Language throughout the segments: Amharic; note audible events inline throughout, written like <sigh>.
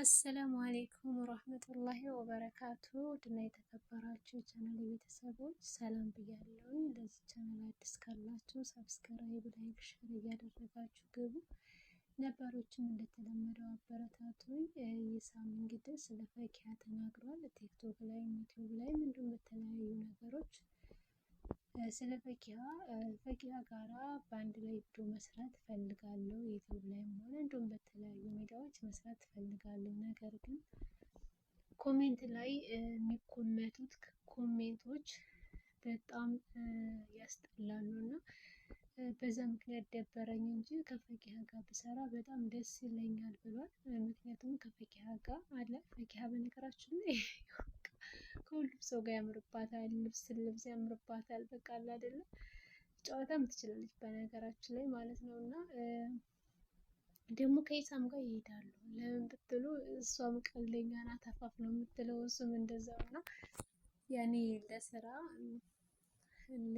አሰላሙ አሌይኩም ወራህመቱላሂ ወበረካቱ ድና የተከበራችሁ ቻናል ቤተሰቦች ሰላም ብያለሁ። ለዚህ ቻናል አዲስ ካላችሁ ሰብስክራይብ፣ ላይክ፣ ሼር እያደረጋችሁ ግቡ። ነባሮችም እንደተለመደው አበረታቱ። ይሳም እንግዲህ ስለ ፈኪሀ ተናግሯል። ቲክቶክ ላይ፣ ዩቲዩብ ላይ እንዲሁም በተለያዩ ነገሮች ስለ ፈኪሃ ፈኪሀ ጋራ በአንድ ላይ ቪዲዮ መስራት ፈልጋለሁ። ዩቲዩብ ላይም ሆነ እንዲሁም በተለያዩ ሚዲያዎች መስራት ፈልጋለሁ። ነገር ግን ኮሜንት ላይ የሚኮመቱት ኮሜንቶች በጣም ያስጠላሉ እና በዛ ምክንያት ደበረኝ እንጂ ከፈኪሃ ጋር ብሰራ በጣም ደስ ይለኛል ብሏል። ምክንያቱም ከፈኪሃ ጋር አለ ፈኪሃ በነገራችን ላይ ከሁሉም ሰው ጋር ያምርባታል። ልብስ ልብስ ያምርባታል። በቃ አለ አይደለም ጨዋታም ትችላለች በነገራችን ላይ ማለት ነው። እና ደግሞ ከኢሳም ጋር ይሄዳሉ። ለምን ብትሉ እሷም ቀልደኛ ናት፣ አፋፍ ነው የምትለው፣ እሱም እንደዛው እና ያኔ ለስራ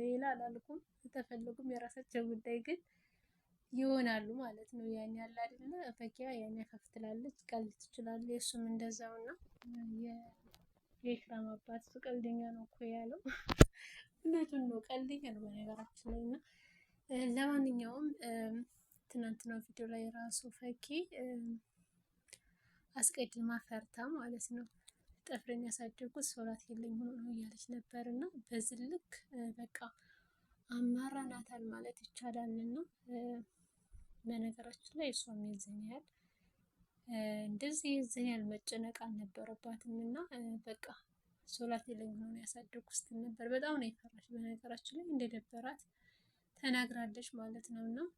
ሌላ አላልኩም ተፈለጉም የራሳቸው ጉዳይ ግን ይሆናሉ ማለት ነው። ያን ያለ አይደለ ፈኪያ ያን ያፈፍ ትላለች፣ ቀልድ ትችላለች፣ እሱም እንደዛው እና የኢክራም አባት እሱ ቀልደኛ ነው እኮ ያለው እውነቱን ነው። ቀልደኛ ነው በነገራችን ላይ እና ለማንኛውም ትናንትና ቪዲዮ ላይ ራሱ ፈኪ አስቀድማ ፈርታ ማለት ነው ጥፍርን ያሳደጉት ሶላት የለኝ ሆኖ ነው እያለች ነበር እና በዚህ ልክ በቃ አማራናታል ማለት ይቻላል እና በነገራችን ላይ እሷም የዚህን ያህል እንደዚህ እዚህን ያህል መጨነቅ አልነበረባትም። እና በቃ ሶላት የለኝም ያሳደግ ውስጥ ነበር። በጣም ነው የፈራች። በነገራችን ላይ እንደደበራት ተናግራለች ማለት ነው። እና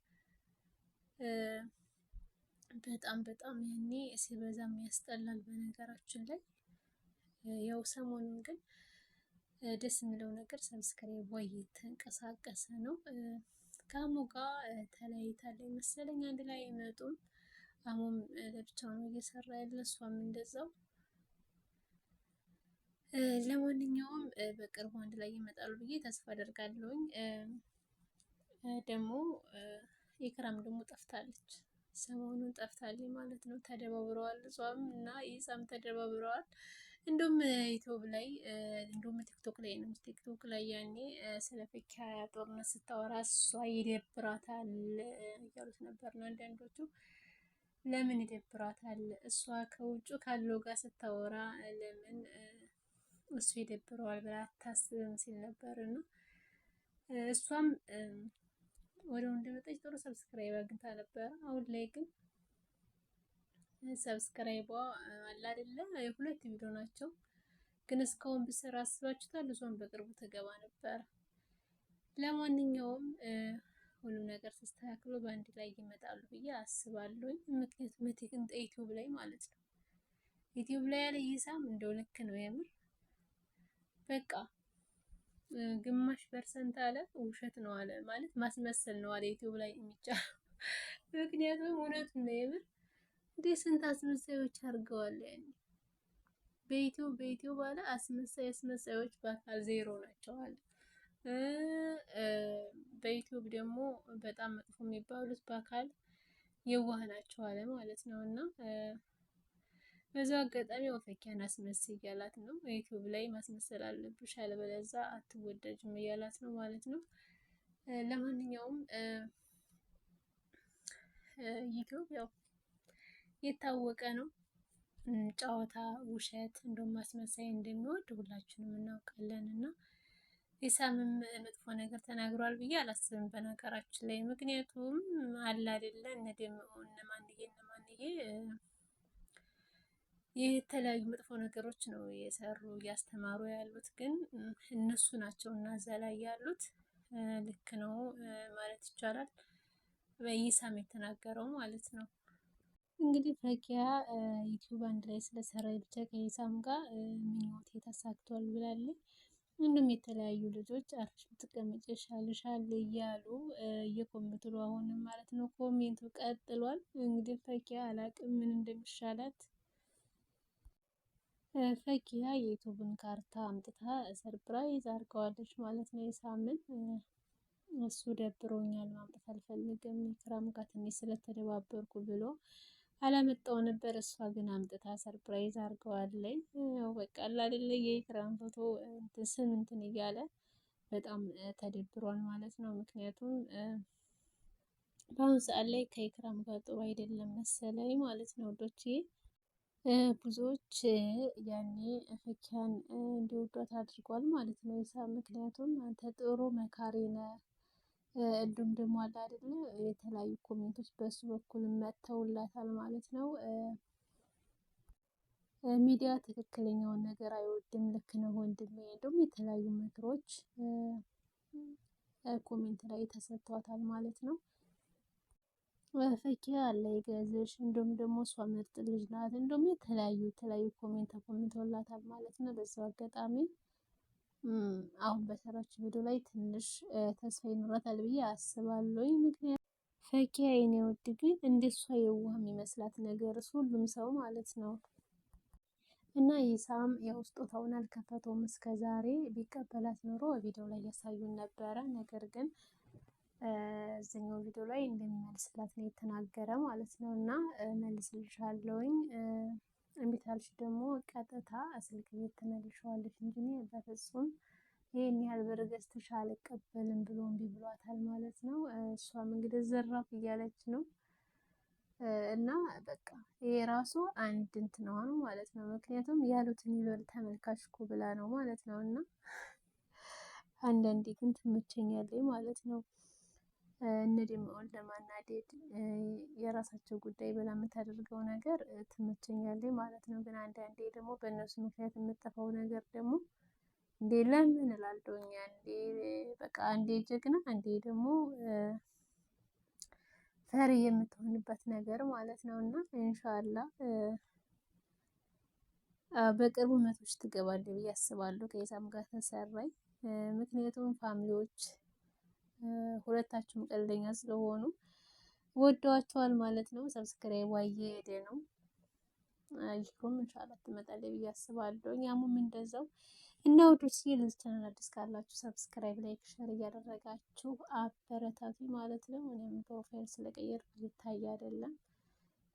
በጣም በጣም ያኔ ሲበዛም ያስጠላል በነገራችን ላይ ያው ሰሞኑን ግን ደስ የሚለው ነገር ሰብስክራይብ ወይ ተንቀሳቀሰ ነው። ከሙ ጋር ተለያይታለች መሰለኝ አንድ ላይ አይመጡም። አሞም ለብቻው ነው እየሰራ ያለ፣ እሷም እንደዛው። ለማንኛውም በቅርቡ አንድ ላይ ይመጣሉ ብዬ ተስፋ አደርጋለሁኝ። ደግሞ ኢክራም ደግሞ ጠፍታለች፣ ሰሞኑን ጠፍታለች ማለት ነው። ተደባብረዋል፣ እሷም እና ኢሳም ተደባብረዋል። እንዲሁም ዩቲዩብ ላይ እንዲሁም ቲክቶክ ላይ ነው። ቲክቶክ ላይ ያኔ ስለ ፈኪሀ ጦርነት ስታወራ እሷ ይደብራታል እያሉት ነው አንዳንዶቹ ለምን ይደብራታል? እሷ ከውጭ ካለው ጋር ስታወራ ለምን እሱ ይደብረዋል ብላ አታስብም ሲል ነበር እና እሷም ወደ እንደመጣች ጥሩ ሰብስክራይብ አግኝታ ነበረ። አሁን ላይ ግን ሰብስክራይቧ አለ አይደለም የሁለት ቪዲዮ ናቸው ግን እስካሁን ብሰራ አስባችሁታል? እሷም በቅርቡ ትገባ ነበር። ለማንኛውም ሁሉ ነገር ተስተካክሎ በአንድ ላይ ይመጣሉ ብዬ አስባለሁኝ። ምክንያቱም እንደ ዩቲዩብ ላይ ማለት ነው ዩቲዩብ ላይ ያለ ይሳም እንደው ልክ ነው የምር በቃ ግማሽ ፐርሰንት አለ ውሸት ነው አለ ማለት ማስመሰል ነው አለ ዩቲዩብ ላይ የሚቻለው። <laughs> ምክንያቱም እውነቱን ነው የምር እንዴ ስንት አስመሳዮች አድርገዋል። ያኔ በዩቲዩብ በዩቲዩብ አለ አስመሳይ አስመሳዮች በአካል ዜሮ ናቸው አለ በዩቲዩብ ደግሞ በጣም መጥፎ የሚባሉት በአካል የዋህ ናቸው አለ ማለት ነው። እና በዛው አጋጣሚ ወፈኪያን አስመስይ እያላት ነው። ዩቲዩብ ላይ ማስመሰል አለብሽ አለበለዛ አትወደጅም እያላት ነው ማለት ነው። ለማንኛውም ዩቲዩብ ያው የታወቀ ነው ጨዋታ፣ ውሸት እንደውም ማስመሳይ እንደሚወድ ሁላችንም እናውቃለን እና ኢሳምም መጥፎ ነገር ተናግሯል ብዬ አላስብም። በነገራችን ላይ ምክንያቱም አለ አይደለ እነ ደምኦ እነ ማንዬ የተለያዩ መጥፎ ነገሮች ነው የሰሩ እያስተማሩ ያሉት ግን እነሱ ናቸው እና እዛ ላይ ያሉት ልክ ነው ማለት ይቻላል። በኢሳም የተናገረው ማለት ነው። እንግዲህ ፈኪያ ዩቲዩብ አንድ ላይ ስለሰራ ብቻ ከኢሳም ጋር ምኞቴ ተሳክቷል ብላለች። እንዲሁም የተለያዩ ልጆች አርፈሽ ብትቀመጭ ይሻልሻል እያሉ እየኮመንትሉ አሁንም ማለት ነው። ኮሜንቱ ቀጥሏል። እንግዲህ ፈኪያ አላቅም ምን እንደሚሻላት። ፈኪያ የዩቱብን ካርታ አምጥታ ሰርፕራይዝ አድርገዋለች ማለት ነው። የሳምን እሱ ደብሮኛል ማምጣት አልፈልግም ከራም ጋር ትንሽ ስለተደባበርኩ ብሎ አላመጣው ነበር። እሷ ግን አምጥታ ሰርፕራይዝ አድርገዋለኝ። ያው በቃ አላደለ የኢክራም ፎቶ ስም እንትን እያለ በጣም ተደብሯል ማለት ነው። ምክንያቱም በአሁኑ ሰዓት ላይ ከኢክራም ጋር ጥሩ አይደለም መሰለኝ ማለት ነው ወዶቼ ብዙዎች ያኔ ፈኪያን እንዲወዷት አድርጓል ማለት ነው። ይሳ ምክንያቱም አንተ ጥሩ መካሪ ነህ እንዲሁም ደግሞ አለ አይደለ የተለያዩ ኮሜንቶች በእሱ በኩል መጥተውላታል ማለት ነው። ሚዲያ ትክክለኛውን ነገር አይወድም። ልክ ነው ወንድሜ። እንዲሁም የተለያዩ ምክሮች ኮሜንት ላይ ተሰጥቷታል ማለት ነው። ፈኪ አለ ይገዝሽ፣ እንዲሁም ደግሞ እሷ ምርጥ ልጅ ናት፣ እንዲሁም የተለያዩ የተለያዩ ኮሜንት ተኮምንቶላታል ማለት ነው በዛው አጋጣሚ አሁን በሰራችው ቪዲዮ ላይ ትንሽ ተስፋ ይኖራታል ብዬ አስባለሁ። ምክንያቱም ፈኪያ የኔ ወድ ግን እንደሷ የዋህ የሚመስላት ነገር ሁሉም ሰው ማለት ነው እና ይሳም ያው ስጦታውን አልከፈተውም እስከ ዛሬ። ቢቀበላት ኖሮ ቪዲዮ ላይ ያሳዩን ነበረ። ነገር ግን እዚኛው ቪዲዮ ላይ እንደሚመልስላት ነው የተናገረ ማለት ነው እና መልስልሻለሁኝ እምቢ ታልሽ ደግሞ ቀጥታ ስልክ ቤት ትመልሸዋለች እንጂ በፍጹም ይህን ያህል ብር ገዝተሽ አልቀበልም ብሎ እምቢ ብሏታል ማለት ነው። እሷም እንግዲህ ዘራፍ እያለች ነው እና በቃ ይሄ ራሱ አንድ እንትነዋ ነው ማለት ነው። ምክንያቱም ያሉትን ይበል ተመልካች እኮ ብላ ነው ማለት ነው። እና አንዳንዴ ግን ትመቸኛለች ማለት ነው። እነ ደምኦን ለማናደድ የራሳቸው ጉዳይ ብላ የምታደርገው ነገር ትመቸኛለች ማለት ነው። ግን አንዳንዴ ደግሞ በእነሱ ምክንያት የምጠፋው ነገር ደግሞ እንዴ ለምን እላለሁኝ። አንዴ በቃ አንዴ ጀግና፣ አንዴ ደግሞ ፈሪ የምትሆንበት ነገር ማለት ነው። እና ኢንሻላ በቅርቡ መቶች ትገባለች ብዬ አስባለሁ ከዛም ጋር ተሰራኝ ምክንያቱም ፋሚሊዎች ሁለታችሁም ቀልደኛ ስለሆኑ ወደዋቸዋል ማለት ነው። ሰብስክራይብ እየሄደ ነው። ይሁን ኢንሻአላህ ትመጣለች ብዬ አስባለሁ። ያሙም እንደዛው እና ወዶች ሲል ቻናል አዲስ ካላችሁ ሰብስክራይብ፣ ላይክ፣ ሼር እያደረጋችሁ አበረታቱ ማለት ነው። እኔም ፕሮፋይል ስለቀየርኩ ይታይ አይደለም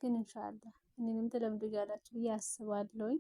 ግን ኢንሻአላህ እኔንም ተለምዱ እያላችሁ ብዬ አስባለሁኝ።